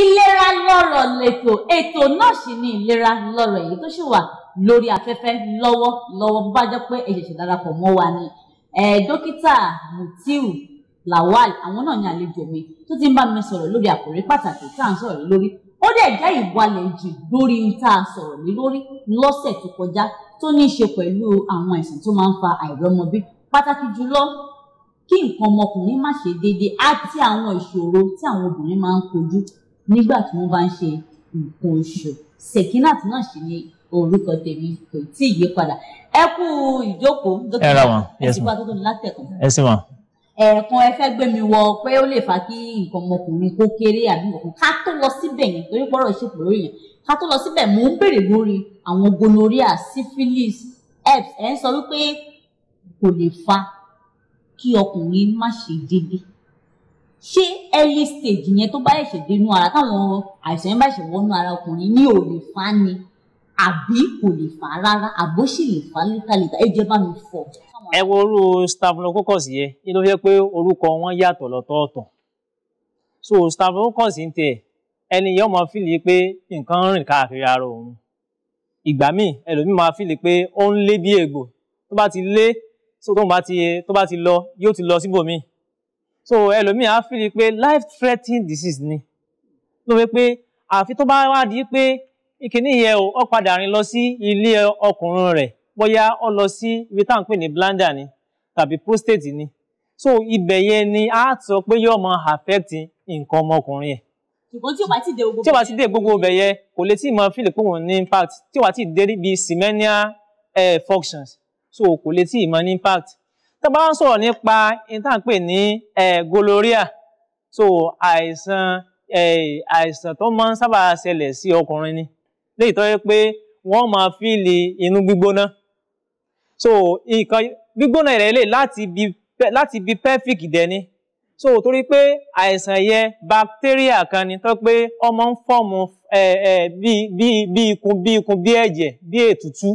ìlera lọ́rọ̀ lẹ́tọ̀ ètò náà sì ni ìlera lọ́rọ̀ èyí tó sì wà lórí afẹ́fẹ́ lọ́wọ́lọ́wọ́ bá jẹ́ pé ẹ ṣẹ̀ṣẹ̀ darapọ̀ mọ́ wa ni dókítà Mutiu Lawal àwọn náà ní àlejò mi tó ti ń bá mi sọ̀rọ̀ lórí àkòrí pàtàkì tá à ń sọ̀rọ̀ lórí ó dẹ̀ já ìwalẹ̀ jù lórí tá a sọ̀rọ̀ lé lórí lọ́sẹ̀ tó kọjá tó ní í ṣe pẹ̀lú àwọn àìsàn tó máa ń fa àìrọ́mọbí pàtàkì jùlọ kí nǹkan ọmọkùnrin má ṣe déédéé àti àwọn ìṣòro tí àwọn obìnrin máa ń kojú nígbà tí wọ́n bá ń ṣe nǹkan oṣù Sekinat náà sì ni orúkọ tèmi kò tí ì yí padà ẹ kú ìjókòó dókítà ẹ ti pàtó tóbi látẹkùn ẹ̀ẹ̀kan ẹ fẹ́ gbé mi wọ pé ó lè fa kí nǹkan ọmọkùnrin kó kéré àbí nǹkan ká tó lọ síbẹ̀ yẹn torí pọ́rọ̀ ìṣèpò lórí yẹn ká tó lọ síbẹ̀ mò ń béèrè lórí àwọn gonorrhea syphilis herpes ẹ̀ ń sọ wípé kò lè fa kí ọkùnrin má ṣe déédéé ṣé early stage yẹn tó bá ṣẹ̀ṣẹ̀ dénú ara táwọn àìsàn yẹn bá ṣẹ̀ wọnú ara ọkùnrin ní ò lè fa ni àbí kò lè fa rárá àbó sì lè fa létàlétà ẹ jẹ́ bá mi fọ̀. ẹ wo orú staphylococcus yẹn ní ló fẹ́ pé orúkọ wọn yàtọ̀ lọ́tọ̀ọ̀tọ̀ so staphylococcus ń tẹ̀ ẹni yẹn máa fìlì pé nǹkan ń rìn káàkiri ara òun ìgbà míì ẹlòmíì máa fìlì pé ó ń lé bí ègbò tó bá ti lé tó bá ti lọ yóò ti lọ síbòmíì so ẹlòmíì á fi rí i pé life threatening disease ni ló wí pé àfi tó bá wá di pé ìkíní yẹn o ó padà rìn lọ sí ilé ọkùnrin rẹ̀ bóyá ó lọ sí ibi tá à ń pè ní bladder ni tàbí prostate ni so ibẹ̀ yẹn ni á sọ pé yóò máa affect nǹkan ọmọkùnrin yẹn ṣùgbọ́n tí o bá ti dé gbogbo tí o bá ti dé gbogbo ọbẹ̀ yẹn kò lè tí mọ fílẹ̀ pé òun ní impact tí o bá ti dé bí seminal eh, functions so kò lè tí mọ ní impact tó bá ń sọ̀rọ̀ nípa ìtànpè ní gonorrhea so àìsàn àìsàn tó máa ń sábà ṣẹlẹ̀ sí ọkùnrin ni léyìí tó yẹ pé wọ́n máa fíìlì inú gbígbóná so nǹkan gbígbóná rẹ̀ lè láti bi pelvic dẹni so torí pé àìsàn yẹ bacteria kan ni tó pé ọmọ ń fọ́ọ̀mù bí ikùn bí ikùn bí ẹ̀jẹ̀ bí ètùtù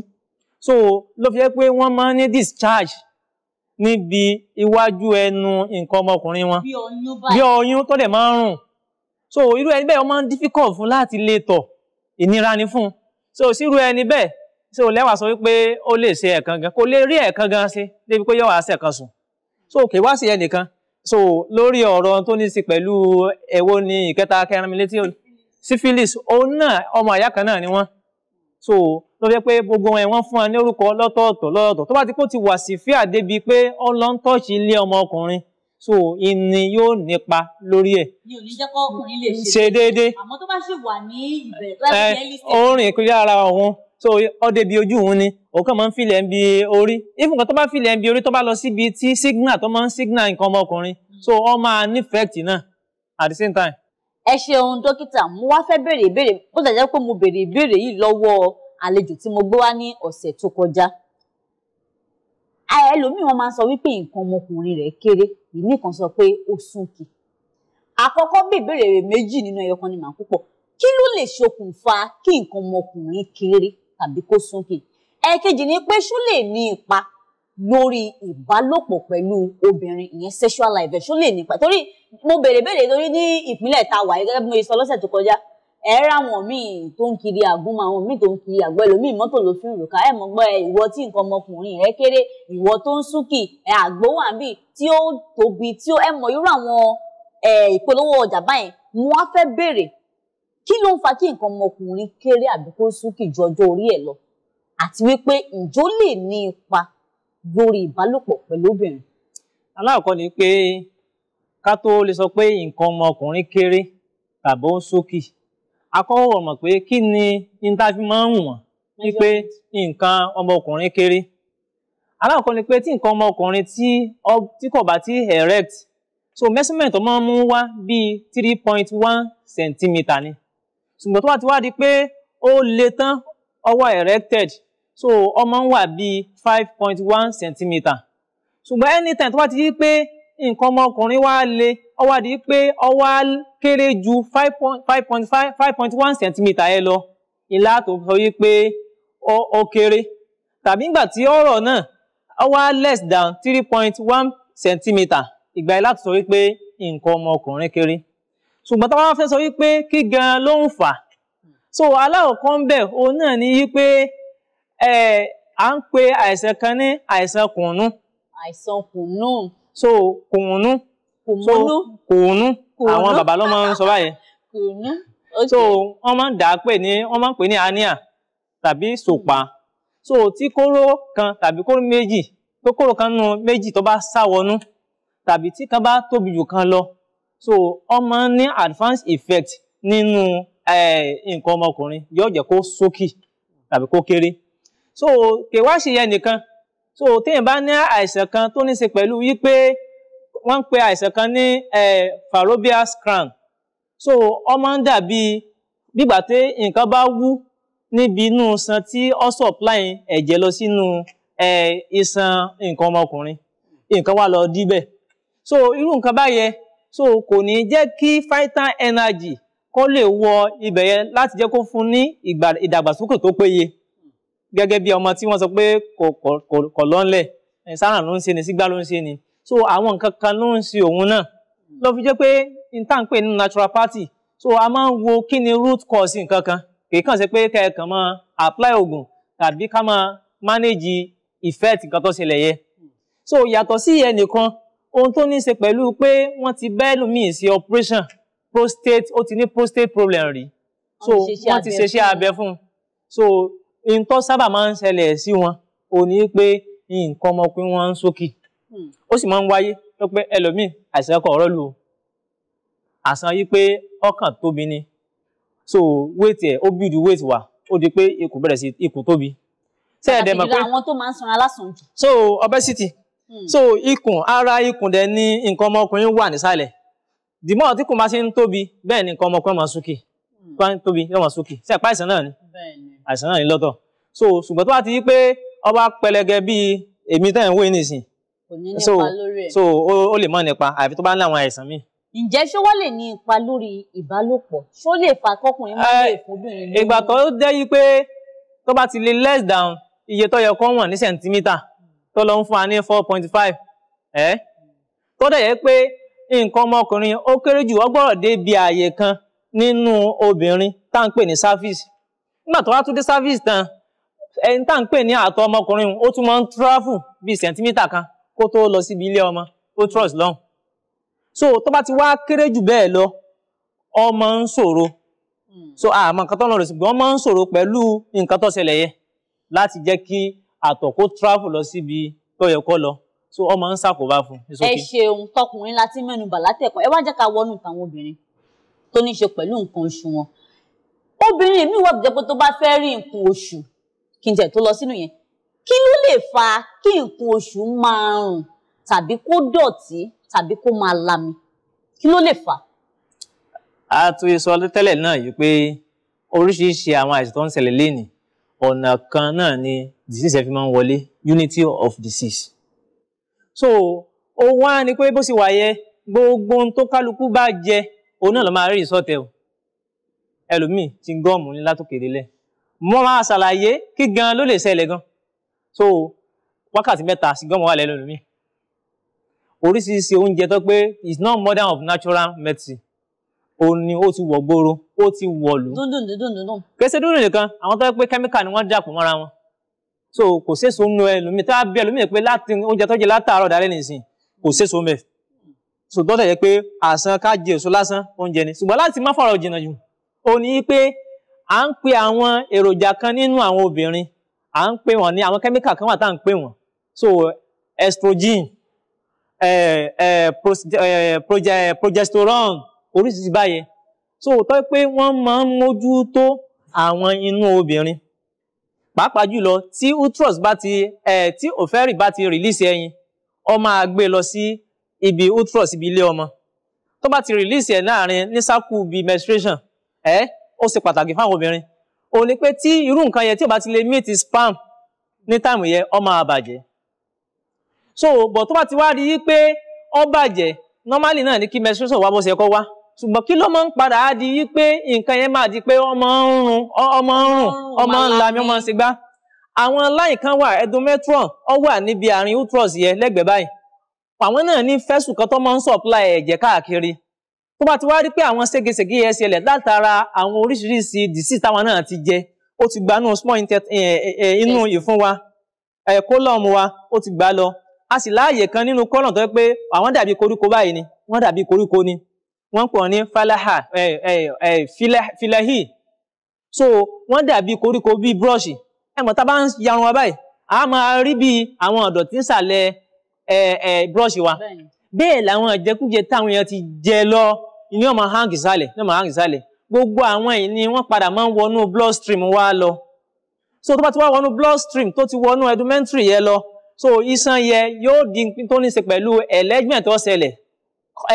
so ló fi jẹ́ pé wọ́n máa ń ní discharge níbi iwájú ẹnu nǹkan ọmọkùnrin wọn bí ọyún tó dẹ̀ máa ń rùn so irú ẹni bẹ́ẹ̀ ó máa ń difficult fún láti lè tọ̀ ìnira ni fún so sírú ẹni bẹ́ẹ̀ so lẹ́wà sọ wípé ó lè ṣe ẹ̀kan gan kò lè rí ẹ̀kan gan ṣe débi pé yọ̀wá ṣe ẹ̀kan sùn so kì wá sí ẹnìkan so lórí ọ̀rọ̀ tó ní sí pẹ̀lú ẹ̀wọ́ ní ìkẹta kẹrin mi létí syphilis òun náà ọmọ àyà kan náà ni wọ́n so ló jẹ́ pé gbogbo ẹ̀ wọ́n fún wa ní orúkọ lọ́tọ̀ọ̀tọ̀ lọ́tọ̀ọ̀tọ̀ tó bá ti kó ti wà sí fíà débi pé ọlọ́n tọ́ọ̀ṣì ilé ọmọ ọkùnrin so ìní yóò nípa lórí ẹ̀. mi ò ní jẹ́ kọ́ ọkùnrin lè ṣe déédéé àmọ́ tó bá ṣì wà ní ìbẹ̀rẹ̀ láti jẹ́ lísẹ̀. orin ìpínlẹ̀ ara òun so ọdẹ bíi ojú òun ni òun kàn máa ń filẹ̀ ń bi orí even kan tó bá filẹ̀ ń bi orí tó bá lọ síbi tí signal tó máa ń signal nǹkan ọmọkùnrin so ọ máa nífẹ̀ẹ́tì náà at the same time. ẹ ṣeun dókítà mo wá fẹ́ béèrè ìbéèrè bó tẹ̀ jẹ́ pé mo béèrè ìbéèrè yìí lọ́wọ́ àlejò tí mo gbé wá ní ọ̀sẹ̀ tó kọjá ẹlòmíì wọn máa ń sọ wípé nǹkan ọmọkùnrin rẹ̀ kéré ìmí kan sọ pé ó súnkì àkọ́kọ́ bí méjì nínú ẹyọ kan ni màá púpọ̀ kí ló lè ṣokùnfà kí nǹkan ọmọkùnrin kéré tàbí kó súnkì ẹ̀ẹ̀kejì ni pé ṣó lè ní ipa lórí ìbálòpọ̀ pẹ̀lú obìnrin ìyẹn sexual life ẹ̀ ṣó lè ní torí mo bèrè bèrè torí ní ìpínlẹ̀ tá a wà gẹ́gẹ́ bí mo sọ lọ́sẹ̀ tó kọjá ẹ ráwọn míì tó ń kiri àgúnmọ àwọn míì tó ń kiri àgbọ ẹlòmíì mọ́tò ló fi ń rùkà ẹ mọ gbọ́ ẹ ìwọ tí nǹkan ọmọkùnrin rẹ kéré ìwọ tó ń súnkì ẹ àgbo wà ń bì tí ó tóbi tí ó ẹ mọ irú àwọn ẹ ìpolówó ọjà báyìí wọn á fẹ́ béèrè kí ló ń fa kí nǹkan ọmọkùnrin kéré àbí kó súnkì ju ọjọ́ orí ẹ̀ lọ àti wípé ǹjọ́ lè ní ipa lórí ìbálòpọ̀ pẹ̀lú obìnrin. aláàkọ́ ni pé ká tó lè sọ pé nǹkan ọmọkùnrin kéré tàbí ó ń súnkì akọ́wọ̀ mọ̀ pé kí ni intafi máa ń wọ̀n ní pé nǹkan ọmọkùnrin kéré alákọ̀ọ́ ni pé tí nǹkan ọmọkùnrin tí kò bá ti erect so measurement ọmọ mú wá bíi three point one centimeter ni ṣùgbọ́n tó bá ti wá di pé ó le tán ọwọ́ erected so ọmọ ń wà bíi five point one centimeter ṣùgbọ́n anytime tó bá ti di pé nǹkan ọmọkùnrin wá le ó wá di pé ó wá kéré ju five point centimeter ẹ lọ ìlà tó sọ yí pé ó kéré tàbí ìgbà tí ọ̀rọ̀ náà ó less than 3.1 point one centimeter ìgbà yìí láti sọ wípé nǹkan ọmọkùnrin kéré ṣùgbọ́n táwọn wá fẹ́ sọ wípé kí gan ló ń fà so aláwọ̀kọ́ ń bẹ̀ òun náà ní wípé à ń pe àìsàn kan ní àìsàn kùnú. àìsàn kùnú so kùnú so kùnú àwọn bàbá ló máa ń sọ báyìí kùnú so wọ́n máa ń dà á pè ní wọ́n máa ń pè ní ania tàbí sopa so tí kóró kan tàbí kóró méjì tó kóró kan nù méjì tó bá sá wọnú tàbí tí kan bá tóbi jù kan lọ so wọ́n máa ń ní advanced effect nínú nǹkan ọmọkùnrin yóò jẹ́ kó sókì tàbí kó kéré so kèwá ṣe yẹn nìkan so téèyàn bá ní àìsàn kan tó ní í ṣe pẹ̀lú wípé wọ́n ń pe àìsàn kan ní farrobius crown so ọmọ ń dàbí bígbà tí nǹkan bá wú níbi inú iṣan tí ó supply ẹ̀jẹ̀ lọ sínú iṣan nǹkan ọmọkùnrin nǹkan wà lọ díbẹ̀ so irú nǹkan báyẹn so kò ní jẹ́ kí vital energy kó lè wọ ibẹ̀ yẹn láti jẹ́ kó fún ní ìdàgbàsókè tó péye gẹ́gẹ́ bí ọmọ tí wọ́n sọ pé kò lọ́nlẹ̀ sáràn ló ń ṣe ni sígbà ló ń ṣe ni so àwọn nǹkan kan ló ń ṣe òun náà ló fi jẹ́ pé n tá n pè ní naturopathy so a máa ń wo kí ni root cause nǹkan kan kìí kàn ṣe pé kẹ́ẹ̀kan máa apply oògùn tàbí ká máa manage effect nǹkan tó ṣẹlẹ̀ yẹ so yàtọ̀ sí ẹnìkan ohun tó ní ṣe pẹ̀lú pé wọ́n ti bẹ́ẹ̀ lómi ṣe operation prostate ó ti ní prostate problem rí so wọ́n ti ṣe iṣẹ́ abẹ fún so ntọ́ sábà máa ń ṣẹlẹ̀ sí wọn ò ní pé nǹkan ọmọkùnrin wọn ń sókè hmm. ó sì máa ń wáyé tó pé ẹlòmíì àìsàn ọkọ̀ ọ̀rọ̀ lù àsán yí pé ọkàn tóbi ni so wéètì ẹ̀ ó bìdú wéètì wà ó di pé ikùn bẹ̀rẹ̀ sí ikùn tóbi. ṣé ẹ̀dẹ̀ mọ̀ pé àwọn tó máa ń sanra lásán jù. so obesity hmm. so ikùn ara ikùn dẹ̀ ni nǹkan ọmọkùnrin wà nísàlẹ̀ dìmọ́ tí kò máa ṣe ń tóbi bẹ́ẹ̀ ni nǹkan ọmọkùnrin máa sókè hmm. tó bá ń tóbi yóò máa sókè ṣé ẹ̀pá ìsàn náà ni. bẹ́ẹ̀ ni àìsàn náà ní lọ́tọ̀ so ṣùgbọ́n tó bá ti yí pé ọba pẹlẹgẹ bíi èmi tẹ̀ ń wé nísìn so so ó lè má nípa àfi tó bá ń láwọn àìsàn míì. ǹjẹ́ ṣé wọ́n lè ní ipa lórí ìbálòpọ̀ ṣé ó lè fa kọkùnrin má eh, lè fóbìnrin lórí. ìgbà tó jẹ́ yí pé tó bá ti lè less down iye tó yẹ kó wọ̀n ní sẹ̀ǹtímítà tó lọ ń fún wa ní four point five ẹ́ tó dẹ̀ yẹ pé nǹkan ọmọkùnrin ó kéré jù ó dé bí ààyè kan nínú obìnrin tá à ń pè ní service nígbà tó wá tún dé service tán ẹni tá à ń pè ní àtọ ọmọkùnrin ó tún máa ń travel bíi sẹ̀ńtímítà kan kó tó lọ síbi ilé ọmọ ó trust lọ́hùn so tó bá ti wá kéré jù bẹ́ẹ̀ lọ ọmọ ń ṣòro hmm. so àmọ́ nǹkan tó ń lọ rẹ̀ ṣùgbọ́n ọmọ ń ṣòro pẹ̀lú nǹkan tó ṣẹlẹ̀ yẹ láti jẹ́ kí àtọ̀ kó travel lọ síbi tó yẹ kó lọ so ọmọ ń ṣàkóbá fún ẹ ṣeun tọkùnrin láti mẹ́nu bà ẹ wá jẹ́ ká wọnú tàwọn obìnrin tó ní obìnrin mi wà tó jẹ́ pé tó bá fẹ́ rí nǹkan oṣù kí n tẹ̀ tó lọ sínú yẹn kí ló lè fa kí nǹkan oṣù máa rùn tàbí kó dọ̀tí tàbí kó máa lami kí ló lè fà. a tún yẹ sọ tẹ́lẹ̀ náà yìí pé oríṣiríṣi àwọn àìsàn tó ń ṣẹlẹ̀ lénìí ọ̀nà kan náà ni disease ẹ̀ fi máa ń wọlé unity of disease. so òun wá ni pé bó sì wáyé gbogbo ohun tó kálukú bá jẹ òun náà ló máa rí ìsọ̀tẹ̀ o ẹlòmíì ti ń gọ́ọ̀mù ní látòkè délẹ̀ mo máa ṣàlàyé kí gan ló lè ṣẹlẹ̀ gan so wákàtí mẹ́ta sí gọ́ọ̀mù wà lẹ́nu ẹlòmíì oríṣiríṣi oúnjẹ tó pé is not modern of natural medicine òun ni ó ti wọ̀ gbòòrò ó ti wọ̀lú. dundun dundun dundun. kèsè dundun nìkan àwọn tó pé kẹ́míkà ni wọ́n dàpọ̀ mọ́ra wọn so kò séso nu ẹlòmíì tá a bí ẹlòmíì pé láti oúnjẹ tó jẹ látàárọ̀ dálẹ́ nìsín kò séso mẹ́ so tó tẹ̀ yẹ pé àsan ká jẹ èso lásán oúnjẹ ni ṣùgbọ́n láti má fọ̀rọ̀ jìnnà jù ó ní pé à ń pe àwọn èròjà kan nínú àwọn obìnrin à ń pe wọn ní àwọn kẹ́míkà kan wà tá à ń pe wọn so estrogen eh, eh, pro, eh, proge, eh, progesterone oríṣiríṣi báyẹn so tó pé wọ́n máa ń mójútó àwọn inú obìnrin pàápàá jùlọ tí uterus bá ti eh, tí ovary bá ti release ẹyin ó máa gbé lọ sí ibi uterus ibi ilé ọmọ tó bá ti release ẹ̀ láàrin ní sákù bíi menstruation ẹ ó ṣe pàtàkì fáwọn obìnrin òun ni pé tí irú nǹkan yẹn tí ò bá ti lè meet spam ní táìmù yẹn ó máa bàjẹ́ so bọ̀ tó bá ti wá rí i pé ó bàjẹ́ normally náà ní kí menstruation wá bó ṣe kọ́ wá ṣùgbọ́n kí ló máa ń padà á di wípé nǹkan yẹn máa di pé ọmọ ń run ọmọ ń rùn ọmọ ń lami ọmọ ń ṣègbá àwọn láì kan wà endometrium ó wà níbi àárín uterus yẹn lẹ́gbẹ̀ẹ́ báyìí àwọn náà ní fẹ́sùn kan tó máa ń supply ẹ̀jẹ̀ káàkiri tó bá ti wá rí pé àwọn ségesège yẹn ṣẹlẹ̀ látara àwọn oríṣiríṣi dìísì táwọn náà ti jẹ ó ti gbanú small eh, eh, eh, inú ìfún wa kólọ́ọ̀mù wa ó ti gbà lọ a sì láàyè kan nínú kọ́lọ̀n tó yẹ pé àwọn dàbí koríko báyìí ni wọ́n dàbí koríko ni wọ́n pọ̀ ní falaha filahi so wọ́n dàbí koríko bíi búrọ́ọ̀ṣì ẹ̀mọ́ tá a bá ń yarun wa báyìí a máa rí bíi àwọn ọ̀dọ̀ tí ń sàlẹ̀ búrọ́ọ̀ṣì wa bẹ́ẹ̀ làwọn ìjẹkújẹ táwọn èèyàn ti jẹ lọ ni wọ́n máa hang ìsàlẹ̀ ni wọ́n máa hang ìsàlẹ̀ gbogbo àwọn yìí ni wọ́n padà máa ń wọnú blood stream wa lọ so tó bá ti wá wọnú blood stream tó ti wọnú elementary yẹn lọ so iṣan yẹ yóò di tó ní ṣe pẹ̀lú ẹ̀lẹ́gbẹ̀ẹ́ tó ṣẹlẹ̀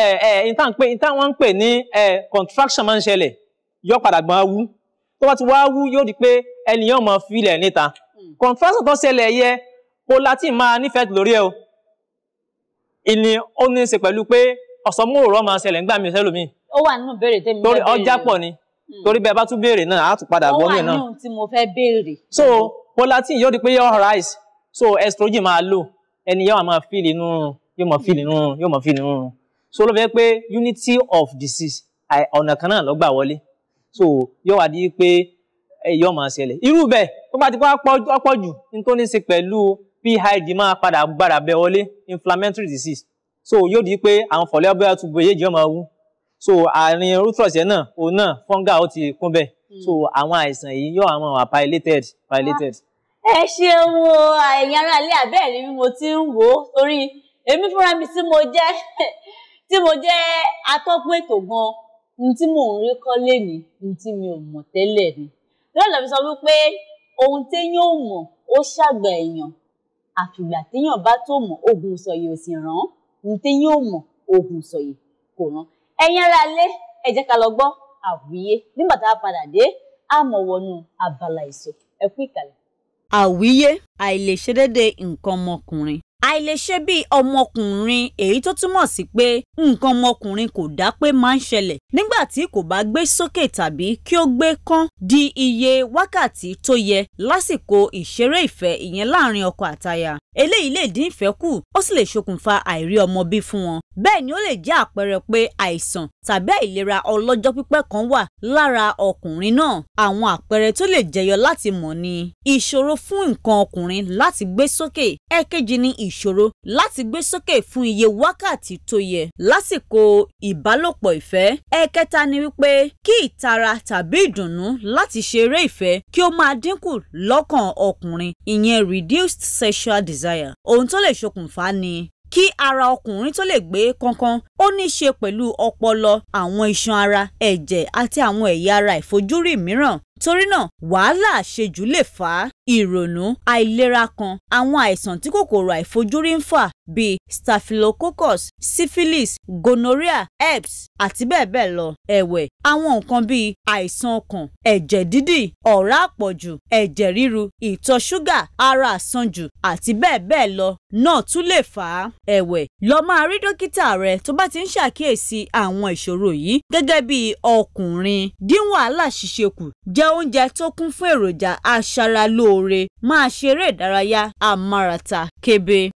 ẹ̀ ẹ̀ ìtàn pé ìtàn wọ́n ń pè ní ẹ̀ contraction máa ń ṣẹlẹ̀ yóò padà gbọ́n wú tó bá ti wá wú yóò di pé ènìyàn máa filẹ̀ níta hmm. contraction tó ṣẹlẹ̀ yẹ kó láti máa nífẹ̀ẹ́ lórí ẹ̀ o ìní ó ní ṣe pẹ̀lú pé ọ̀sán mòrò máa ṣẹlẹ̀ ńgbà mi sẹ́lòmí. ó wà nínú béèrè tẹ́mi lẹ́bẹ̀rẹ̀ torí ọjà pọ̀ ni hmm. torí bẹ́ẹ̀ bá tún béèrè náà á tún padà wọ́mì náà. ó wà nínú tí mo fẹ́ béèrè. so prolactin yóò di pé yóò rise so estrogen máa lò ẹni yóò máa feel inú yóò máa feel inú yóò máa feel inú so ló fẹ́ pé unity of disease ọ̀nà kan náà ló gbà wọlé so yóò wá di pé yóò máa ṣẹlẹ̀ irú bẹ́ẹ̀ tó bá ti kọ́ ọ̀pọ̀ jù ní tó ní í ṣe pẹ̀lú PID máa padà gbára bẹ́ wọlé inflammatory disease so yóò di pé àwọn fọ̀lẹ́ abẹ́rẹ́ àtúbọ̀ yéèjì ọmọ wú so àárín ruthless yẹn náà òun náà fungal ó ti kún bẹ́ẹ̀ hmm. so àwọn àìsàn yìí yóò àwọn wà pilated pilated. Ah, ẹ ṣeun o ẹ̀yin ará ilé àbẹ́ẹ̀rí bí mo ti ń wò ó torí èmi fúnra mi tí mo jẹ́ tí mo jẹ́ atọ́kùn ètò gan ohun tí mò ń rí kọ́ lénìí ohun tí mi ò mọ̀ tẹ́lẹ̀ ni lọ́dọ̀ mi sọ wípé ohun téèyàn ò mọ̀ ó ṣàgbà èèyàn àfìgbà téèyàn bá tó mọ̀ ogun sọ̀yẹ̀ òsì ràn ǹtẹ́ yóò mọ̀ ogun sọ̀yè kò rán ẹ̀yin ará ilé ẹ jẹ́ ká lọ gbọ́ àwíyé nígbà tá a padà dé a mọ̀ wọnú abala èso ẹ kú ìkàlẹ̀. àwíyé àìlèṣedéédé nǹkan ọmọkùnrin àìlèṣe bíi ọmọkùnrin èyí tó túmọ̀ sí pé nǹkan ọmọkùnrin kò dá pé máa ń ṣẹlẹ̀ nígbà tí kò bá gbé sókè tàbí kí ó gbé kán di iye wákàtí tó yẹ lásìkò ìṣeré ìfẹ́ ìyẹn láàrin ọkọ àtaya eléyìí lè dín ìfẹ́ kù ó sì lè ṣokùnfà àìrí ọmọ bí fún wọn bẹ́ẹ̀ ni ó lè jẹ́ àpẹẹrẹ pé àìsàn tàbí àìlera ọlọ́jọ́ pípẹ́ kan wà lára ọkùnrin náà àwọn àpẹẹrẹ tó lè jẹyọ láti mọ̀ ni ìṣòro fún nǹkan ọkùnrin láti gbé sókè ẹ̀kejì ni ìṣòro láti gbé sókè fún iye wákàtí tó yẹ lásìkò ìbálòpọ̀ ìfẹ́. ẹ̀kẹta ni wípé kí ìtara tàbí ìdùnnú láti ṣeré ìfẹ́ kí ó máa dínkù lọ́kàn ọkùnrin ìyẹn reduced sexual desire. ohun tó lè ṣokùnfà ni kí ara ọkùnrin tó lè gbé kankan ó ní í ṣe pẹ̀lú ọpọlọ àwọn iṣan ara ẹ̀jẹ̀ àti àwọn ẹ̀yà ara ìfojúrí mìíràn torí náà wàhálà àṣejù lè fà á ìrònú àìlera kan àwọn àìsàn tí kòkòrò àìfojúrí ń fà bíi staphylococcus syphilis gonorrhea herpes àti bẹ́ẹ̀ bẹ́ẹ̀ lọ ẹ̀wẹ̀ àwọn nǹkan bíi àìsàn ọkàn ẹ̀jẹ̀ dídì ọ̀rá àpọ̀jù ẹ̀jẹ̀ ríru ìtọ̀ ṣúgà ara àsanjù àti bẹ́ẹ̀ bẹ́ẹ̀ lọ náà tún lè fà á ẹ̀wẹ̀ lọ máa rí dókítà rẹ tó bá ti ń ṣàkíyèsí àwọn ìṣòro yìí gẹ́gẹ́ bí ọkùnrin dín wàhálà ṣíṣe kù jẹ oúnjẹ tó kún fún èròjà aṣaralóore máa ṣeré ìdárayá amárata kébé